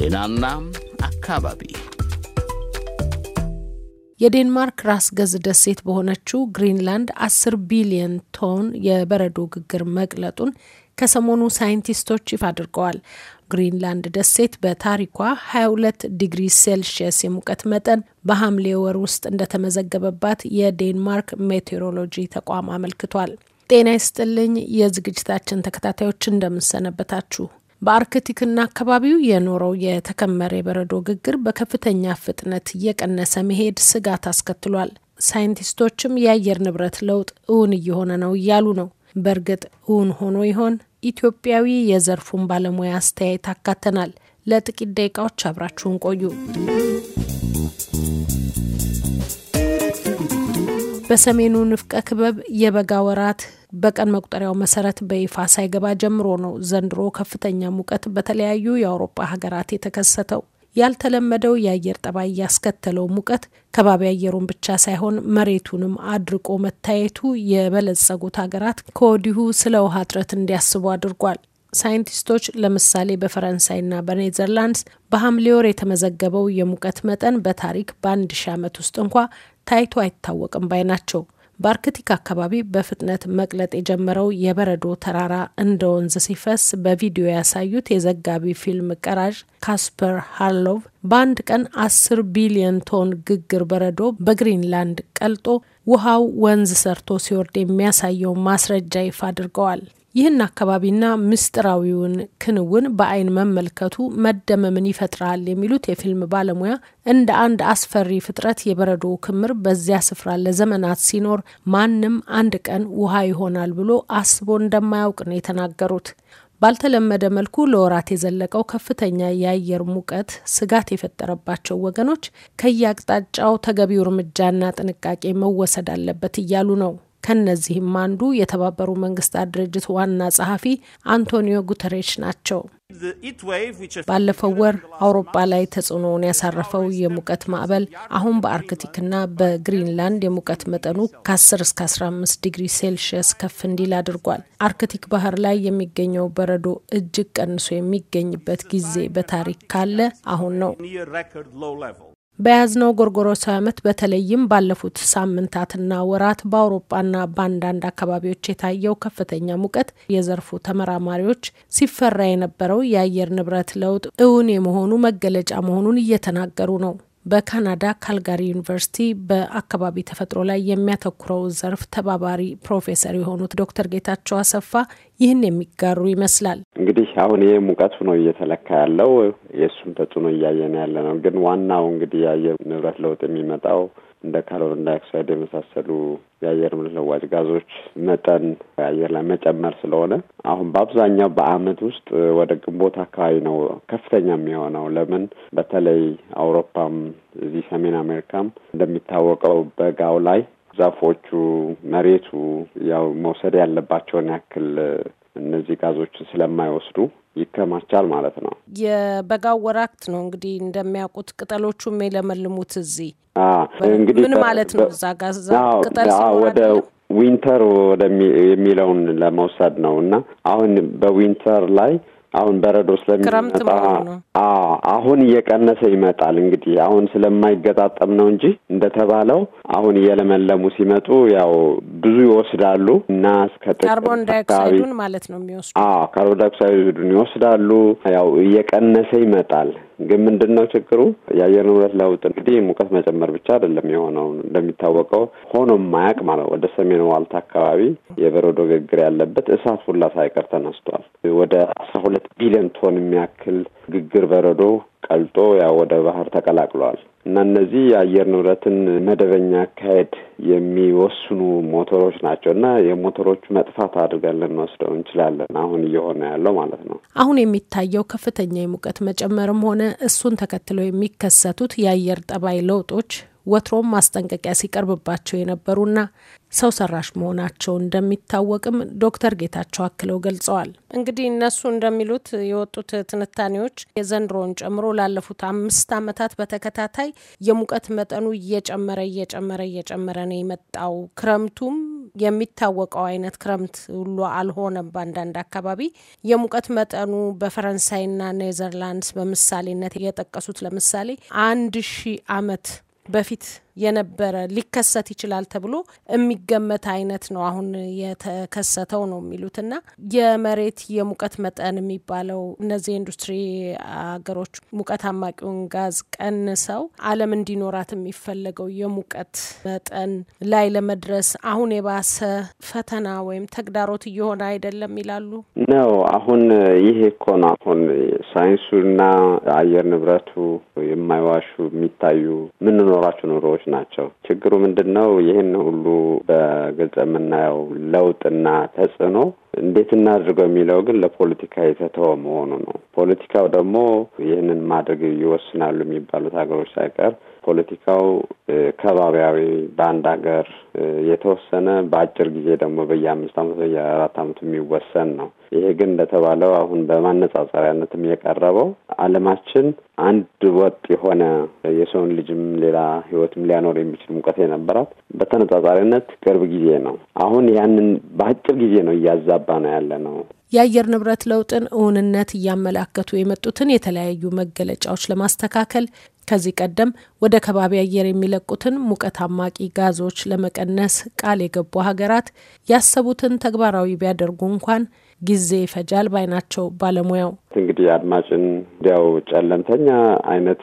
ጤናና አካባቢ የዴንማርክ ራስ ገዝ ደሴት በሆነችው ግሪንላንድ 10 ቢሊዮን ቶን የበረዶ ግግር መቅለጡን ከሰሞኑ ሳይንቲስቶች ይፋ አድርገዋል። ግሪንላንድ ደሴት በታሪኳ 22 ዲግሪ ሴልሺየስ የሙቀት መጠን በሐምሌ ወር ውስጥ እንደተመዘገበባት የዴንማርክ ሜቴሮሎጂ ተቋም አመልክቷል። ጤና ይስጥልኝ የዝግጅታችን ተከታታዮች እንደምንሰነበታችሁ። በአርክቲክና አካባቢው የኖረው የተከመረ የበረዶ ግግር በከፍተኛ ፍጥነት እየቀነሰ መሄድ ስጋት አስከትሏል። ሳይንቲስቶችም የአየር ንብረት ለውጥ እውን እየሆነ ነው እያሉ ነው። በእርግጥ እውን ሆኖ ይሆን? ኢትዮጵያዊ የዘርፉን ባለሙያ አስተያየት አካተናል። ለጥቂት ደቂቃዎች አብራችሁን ቆዩ። በሰሜኑ ንፍቀ ክበብ የበጋ ወራት በቀን መቁጠሪያው መሰረት በይፋ ሳይገባ ጀምሮ ነው ዘንድሮ ከፍተኛ ሙቀት በተለያዩ የአውሮፓ ሀገራት የተከሰተው። ያልተለመደው የአየር ጠባይ ያስከተለው ሙቀት ከባቢ አየሩን ብቻ ሳይሆን መሬቱንም አድርቆ መታየቱ የበለጸጉት ሀገራት ከወዲሁ ስለ ውሃ እጥረት እንዲያስቡ አድርጓል። ሳይንቲስቶች ለምሳሌ በፈረንሳይና በኔዘርላንድስ በሐምሌ ወር የተመዘገበው የሙቀት መጠን በታሪክ በአንድ ሺህ ዓመት ውስጥ እንኳ ታይቶ አይታወቅም ባይ ናቸው። በአርክቲክ አካባቢ በፍጥነት መቅለጥ የጀመረው የበረዶ ተራራ እንደ ወንዝ ሲፈስ በቪዲዮ ያሳዩት የዘጋቢ ፊልም ቀራዥ ካስፐር ሃርሎቭ በአንድ ቀን አስር ቢሊዮን ቶን ግግር በረዶ በግሪንላንድ ቀልጦ ውሃው ወንዝ ሰርቶ ሲወርድ የሚያሳየው ማስረጃ ይፋ አድርገዋል። ይህን አካባቢና ምስጢራዊውን ክንውን በአይን መመልከቱ መደመምን ይፈጥራል የሚሉት የፊልም ባለሙያ እንደ አንድ አስፈሪ ፍጥረት የበረዶ ክምር በዚያ ስፍራ ለዘመናት ሲኖር ማንም አንድ ቀን ውሃ ይሆናል ብሎ አስቦ እንደማያውቅ ነው የተናገሩት። ባልተለመደ መልኩ ለወራት የዘለቀው ከፍተኛ የአየር ሙቀት ስጋት የፈጠረባቸው ወገኖች ከየአቅጣጫው ተገቢው እርምጃና ጥንቃቄ መወሰድ አለበት እያሉ ነው። ከነዚህም አንዱ የተባበሩ መንግስታት ድርጅት ዋና ጸሐፊ አንቶኒዮ ጉተሬሽ ናቸው። ባለፈው ወር አውሮፓ ላይ ተጽዕኖውን ያሳረፈው የሙቀት ማዕበል አሁን በአርክቲክና በግሪንላንድ የሙቀት መጠኑ ከ10 እስከ 15 ዲግሪ ሴልሺየስ ከፍ እንዲል አድርጓል። አርክቲክ ባህር ላይ የሚገኘው በረዶ እጅግ ቀንሶ የሚገኝበት ጊዜ በታሪክ ካለ አሁን ነው። በያዝነው ጎርጎሮሳዊ ዓመት በተለይም ባለፉት ሳምንታትና ወራት በአውሮፓና በአንዳንድ አካባቢዎች የታየው ከፍተኛ ሙቀት የዘርፉ ተመራማሪዎች ሲፈራ የነበረው የአየር ንብረት ለውጥ እውን የመሆኑ መገለጫ መሆኑን እየተናገሩ ነው። በካናዳ ካልጋሪ ዩኒቨርሲቲ በአካባቢ ተፈጥሮ ላይ የሚያተኩረው ዘርፍ ተባባሪ ፕሮፌሰር የሆኑት ዶክተር ጌታቸው አሰፋ ይህን የሚጋሩ ይመስላል። እንግዲህ አሁን ይህ ሙቀቱ ነው እየተለካ ያለው የእሱም ተጽዕኖ እያየን ያለ ነው። ግን ዋናው እንግዲህ የአየር ንብረት ለውጥ የሚመጣው እንደ ካርቦን ዳይኦክሳይድ የመሳሰሉ የአየር መለዋጭ ጋዞች መጠን አየር ላይ መጨመር ስለሆነ አሁን በአብዛኛው በዓመት ውስጥ ወደ ግንቦት አካባቢ ነው ከፍተኛ የሚሆነው። ለምን በተለይ አውሮፓም እዚህ ሰሜን አሜሪካም እንደሚታወቀው በጋው ላይ ዛፎቹ መሬቱ ያው መውሰድ ያለባቸውን ያክል እነዚህ ጋዞችን ስለማይወስዱ ይከማቻል ማለት ነው። የበጋው ወራክት ነው እንግዲህ እንደሚያውቁት ቅጠሎቹ የለመልሙት እዚህ እንግዲህ ምን ማለት ነው እዛ ጋዝ ቅጠል ወደ ዊንተር የሚለውን ለመውሰድ ነው እና አሁን በዊንተር ላይ አሁን በረዶ ስለሚመጣ አሁን እየቀነሰ ይመጣል። እንግዲህ አሁን ስለማይገጣጠም ነው እንጂ እንደተባለው አሁን እየለመለሙ ሲመጡ ያው ብዙ ይወስዳሉ እና እስከ ካርቦን ዳይኦክሳይዱን ማለት ነው የሚወስዱ። አዎ ካርቦን ዳይኦክሳይዱን ይወስዳሉ። ያው እየቀነሰ ይመጣል። ግን ምንድን ነው ችግሩ? የአየር ንብረት ለውጥ እንግዲህ ሙቀት መጨመር ብቻ አይደለም የሆነው። እንደሚታወቀው ሆኖ ማያቅ ማለት ወደ ሰሜን ዋልታ አካባቢ የበረዶ ግግር ያለበት እሳት ሁላ ሳይቀር ተነስቷል። ወደ አስራ ሁለት ቢሊዮን ቶን የሚያክል ግግር በረዶ ቀልጦ ያው ወደ ባህር ተቀላቅሏል። እና እነዚህ የአየር ንብረትን መደበኛ አካሄድ የሚወስኑ ሞተሮች ናቸው እና የሞተሮቹ መጥፋት አድርገን ልንወስደው እንችላለን። አሁን እየሆነ ያለው ማለት ነው። አሁን የሚታየው ከፍተኛ የሙቀት መጨመርም ሆነ እሱን ተከትለው የሚከሰቱት የአየር ጠባይ ለውጦች ወትሮም ማስጠንቀቂያ ሲቀርብባቸው የነበሩና ሰው ሰራሽ መሆናቸው እንደሚታወቅም ዶክተር ጌታቸው አክለው ገልጸዋል። እንግዲህ እነሱ እንደሚሉት የወጡት ትንታኔዎች የዘንድሮውን ጨምሮ ላለፉት አምስት ዓመታት በተከታታይ የሙቀት መጠኑ እየጨመረ እየጨመረ እየጨመረ ነው የመጣው። ክረምቱም የሚታወቀው አይነት ክረምት ሁሉ አልሆነም። በአንዳንድ አካባቢ የሙቀት መጠኑ በፈረንሳይና ኔዘርላንድስ በምሳሌነት የጠቀሱት ለምሳሌ አንድ ሺህ ዓመት Buffett የነበረ ሊከሰት ይችላል ተብሎ የሚገመት አይነት ነው አሁን የተከሰተው ነው የሚሉት እና የመሬት የሙቀት መጠን የሚባለው እነዚህ ኢንዱስትሪ አገሮች ሙቀት አማቂውን ጋዝ ቀንሰው ዓለም እንዲኖራት የሚፈለገው የሙቀት መጠን ላይ ለመድረስ አሁን የባሰ ፈተና ወይም ተግዳሮት እየሆነ አይደለም ይላሉ ነው። አሁን ይሄ እኮ ነው አሁን ሳይንሱና አየር ንብረቱ የማይዋሹ የሚታዩ ምንኖራቸው ኑሮዎች ነገሮች ናቸው። ችግሩ ምንድን ነው? ይህን ሁሉ በግልጽ የምናየው ለውጥና ተጽዕኖ እንዴት እናድርገው የሚለው ግን ለፖለቲካ የተተወ መሆኑ ነው። ፖለቲካው ደግሞ ይህንን ማድረግ ይወስናሉ የሚባሉት ሀገሮች ሳይቀር ፖለቲካው ከባቢያዊ በአንድ ሀገር የተወሰነ በአጭር ጊዜ ደግሞ በየአምስት አመቱ በየአራት አመቱ የሚወሰን ነው። ይሄ ግን እንደተባለው አሁን በማነጻጸሪያነትም የቀረበው አለማችን አንድ ወጥ የሆነ የሰውን ልጅም ሌላ ህይወትም ሊያኖር የሚችል ሙቀት የነበራት በተነጻጻሪነት ቅርብ ጊዜ ነው። አሁን ያንን በአጭር ጊዜ ነው እያዛባ ነው ያለ ነው። የአየር ንብረት ለውጥን እውንነት እያመላከቱ የመጡትን የተለያዩ መገለጫዎች ለማስተካከል ከዚህ ቀደም ወደ ከባቢ አየር የሚለቁትን ሙቀት አማቂ ጋዞች ለመቀነስ ቃል የገቡ ሀገራት ያሰቡትን ተግባራዊ ቢያደርጉ እንኳን ጊዜ ይፈጃል ባይ ናቸው ባለሙያው። እንግዲህ አድማጭን እንዲያው ጨለምተኛ አይነት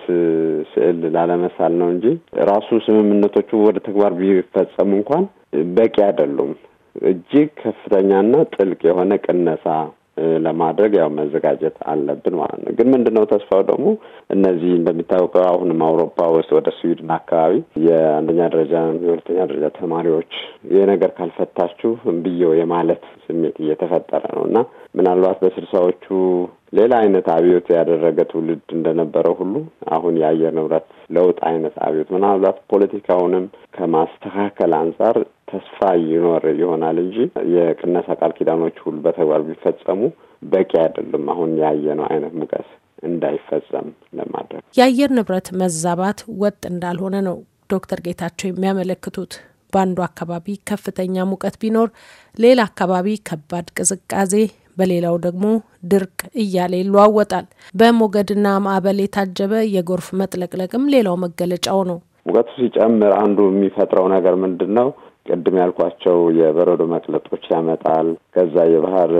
ስዕል ላለመሳል ነው እንጂ ራሱ ስምምነቶቹ ወደ ተግባር ቢፈጸሙ እንኳን በቂ አይደሉም። እጅግ ከፍተኛና ጥልቅ የሆነ ቅነሳ ለማድረግ ያው መዘጋጀት አለብን ማለት ነው። ግን ምንድን ነው ተስፋው ደግሞ እነዚህ እንደሚታወቀው አሁንም አውሮፓ ውስጥ ወደ ስዊድን አካባቢ የአንደኛ ደረጃ የሁለተኛ ደረጃ ተማሪዎች ይህ ነገር ካልፈታችሁ ብየው የማለት ስሜት እየተፈጠረ ነው እና ምናልባት በስልሳዎቹ ሌላ አይነት አብዮት ያደረገ ትውልድ እንደነበረው ሁሉ አሁን የአየር ንብረት ለውጥ አይነት አብዮት ምናልባት ፖለቲካውንም ከማስተካከል አንጻር ተስፋ ይኖር ይሆናል እንጂ የቅነሳ ቃል ኪዳኖች ሁሉ በተግባር ቢፈጸሙ በቂ አይደለም። አሁን ያየነው አይነት ሙቀት እንዳይፈጸም ለማድረግ የአየር ንብረት መዛባት ወጥ እንዳልሆነ ነው ዶክተር ጌታቸው የሚያመለክቱት። በአንዱ አካባቢ ከፍተኛ ሙቀት ቢኖር፣ ሌላ አካባቢ ከባድ ቅዝቃዜ፣ በሌላው ደግሞ ድርቅ እያለ ይለዋወጣል። በሞገድና ማዕበል የታጀበ የጎርፍ መጥለቅለቅም ሌላው መገለጫው ነው። ሙቀቱ ሲጨምር አንዱ የሚፈጥረው ነገር ምንድን ነው? ቅድም ያልኳቸው የበረዶ መቅለጦች ያመጣል። ከዛ የባህር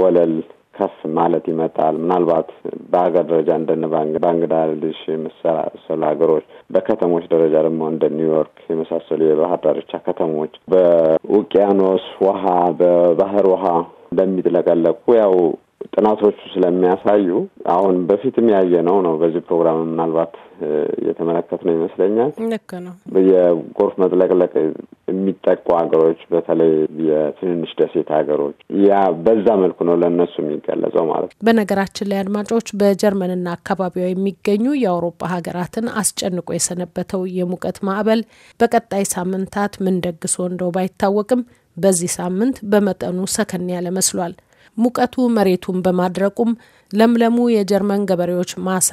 ወለል ከፍ ማለት ይመጣል። ምናልባት በሀገር ደረጃ እንደነ ባንግላዴሽ የመሳሰሉ ሀገሮች፣ በከተሞች ደረጃ ደግሞ እንደ ኒውዮርክ የመሳሰሉ የባህር ዳርቻ ከተሞች በውቅያኖስ ውሃ፣ በባህር ውሃ እንደሚጥለቀለቁ ያው ጥናቶቹ ስለሚያሳዩ አሁን በፊትም ያየ ነው ነው በዚህ ፕሮግራም ምናልባት እየተመለከት ነው ይመስለኛል። ልክ ነው። የጎርፍ መጥለቅለቅ የሚጠቁ ሀገሮች በተለይ የትንንሽ ደሴት ሀገሮች ያ በዛ መልኩ ነው ለእነሱ የሚገለጸው ማለት ነው። በነገራችን ላይ አድማጮች በጀርመንና አካባቢዋ የሚገኙ የአውሮፓ ሀገራትን አስጨንቆ የሰነበተው የሙቀት ማዕበል በቀጣይ ሳምንታት ምን ደግሶ እንደው ባይታወቅም በዚህ ሳምንት በመጠኑ ሰከን ያለ መስሏል። ሙቀቱ መሬቱን በማድረቁም ለምለሙ የጀርመን ገበሬዎች ማሳ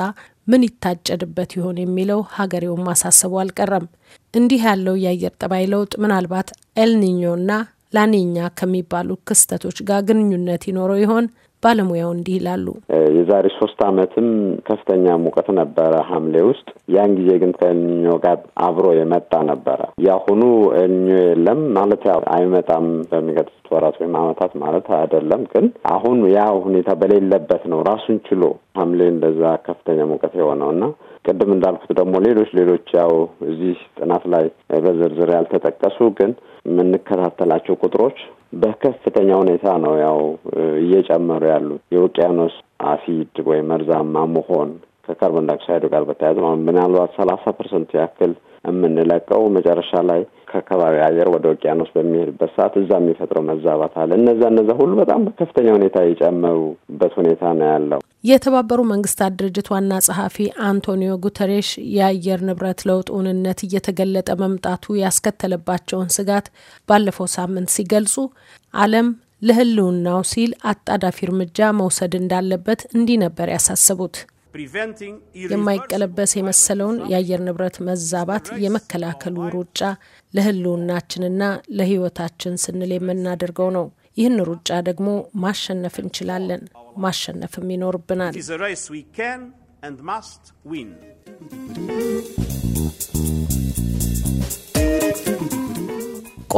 ምን ይታጨድበት ይሆን የሚለው ሀገሬውን ማሳሰቡ አልቀረም። እንዲህ ያለው የአየር ጠባይ ለውጥ ምናልባት ኤልኒኞና ላኒኛ ከሚባሉ ክስተቶች ጋር ግንኙነት ይኖረው ይሆን? ባለሙያው እንዲህ ይላሉ። የዛሬ ሶስት ዓመትም ከፍተኛ ሙቀት ነበረ ሐምሌ ውስጥ። ያን ጊዜ ግን ከኞ ጋር አብሮ የመጣ ነበረ። የአሁኑ እኞ የለም ማለት አይመጣም በሚቀጥሉት ወራት ወይም ዓመታት ማለት አይደለም። ግን አሁን ያ ሁኔታ በሌለበት ነው ራሱን ችሎ ሐምሌ እንደዛ ከፍተኛ ሙቀት የሆነው እና ቅድም እንዳልኩት ደግሞ ሌሎች ሌሎች ያው እዚህ ጥናት ላይ በዝርዝር ያልተጠቀሱ ግን የምንከታተላቸው ቁጥሮች በከፍተኛ ሁኔታ ነው ያው እየጨመሩ ያሉት። የውቅያኖስ አሲድ ወይ መርዛማ መሆን ከካርቦን ዳይኦክሳይዱ ጋር በተያያዘ ምናልባት ሰላሳ ፐርሰንት ያክል የምንለቀው መጨረሻ ላይ ከከባቢ አየር ወደ ውቅያኖስ በሚሄድበት ሰዓት እዛ የሚፈጥረው መዛባት አለ። እነዛ እነዛ ሁሉ በጣም በከፍተኛ ሁኔታ የጨመሩበት ሁኔታ ነው ያለው። የተባበሩ መንግስታት ድርጅት ዋና ጸሐፊ አንቶኒዮ ጉተሬሽ የአየር ንብረት ለውጥ እውንነት እየተገለጠ መምጣቱ ያስከተለባቸውን ስጋት ባለፈው ሳምንት ሲገልጹ ዓለም ለህልውናው ሲል አጣዳፊ እርምጃ መውሰድ እንዳለበት እንዲህ ነበር ያሳሰቡት። የማይቀለበስ የመሰለውን የአየር ንብረት መዛባት የመከላከሉ ሩጫ ለህልውናችንና ለህይወታችን ስንል የምናደርገው ነው። ይህን ሩጫ ደግሞ ማሸነፍ እንችላለን፣ ማሸነፍም ይኖርብናል።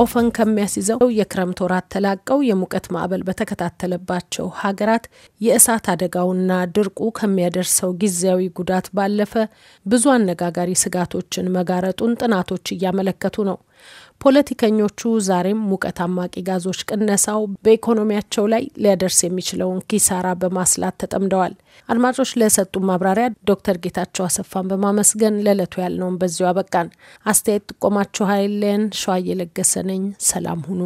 ቆፈን ከሚያስይዘው የክረምት ወራት ተላቀው የሙቀት ማዕበል በተከታተለባቸው ሀገራት የእሳት አደጋውና ድርቁ ከሚያደርሰው ጊዜያዊ ጉዳት ባለፈ ብዙ አነጋጋሪ ስጋቶችን መጋረጡን ጥናቶች እያመለከቱ ነው። ፖለቲከኞቹ ዛሬም ሙቀት አማቂ ጋዞች ቅነሳው በኢኮኖሚያቸው ላይ ሊያደርስ የሚችለውን ኪሳራ በማስላት ተጠምደዋል። አድማጮች ለሰጡ ማብራሪያ ዶክተር ጌታቸው አሰፋን በማመስገን ለዕለቱ ያልነውን በዚሁ አበቃን። አስተያየት ጥቆማችሁ ኃይልን ሸዋ እየለገሰ ነኝ። ሰላም ሁኑ።